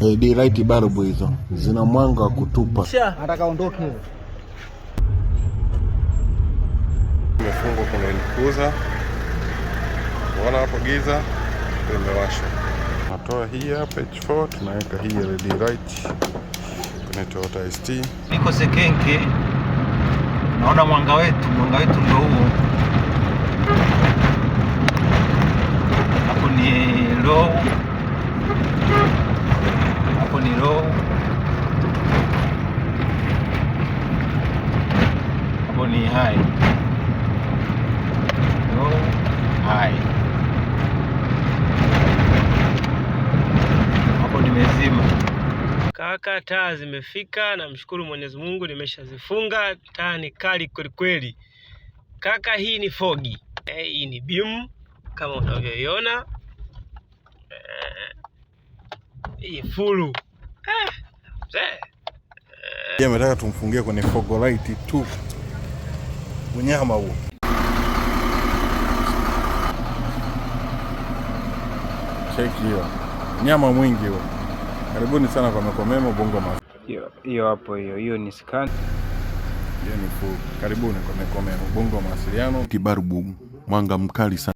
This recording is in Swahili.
LED light bulb hizo zina mwanga wa kutupa. Nataka ondoke. Imefungwa kuna infuza. Unaona hapo giza limewashwa. Natoa hii hapa H4 tunaweka hii LED light kwenye Toyota ST. Niko sekenke. Naona mwanga wetu, mwanga wetu ndio huo. Roho ambayo ni hai, No hai Kaka, taa zimefika, namshukuru Mwenyezi Mungu, nimeshazifunga. Taa ni kali kwelikweli kaka. Hii ni fogi eh, hii ni bimu kama unavyoiona eh, hii fulu Je, ametaka tumfungie kwenye light tu. Unyama huo. Cheki hiyo. Nyama mwingi huo. Karibuni sana kwa Mekomemo Bongo Mavi. Hiyo hapo hiyo, hiyo ni scan. Hiyo ni full. Karibuni kwa Mekomemo Bongo mawasiliano. Kibarubu mwanga mkali sana.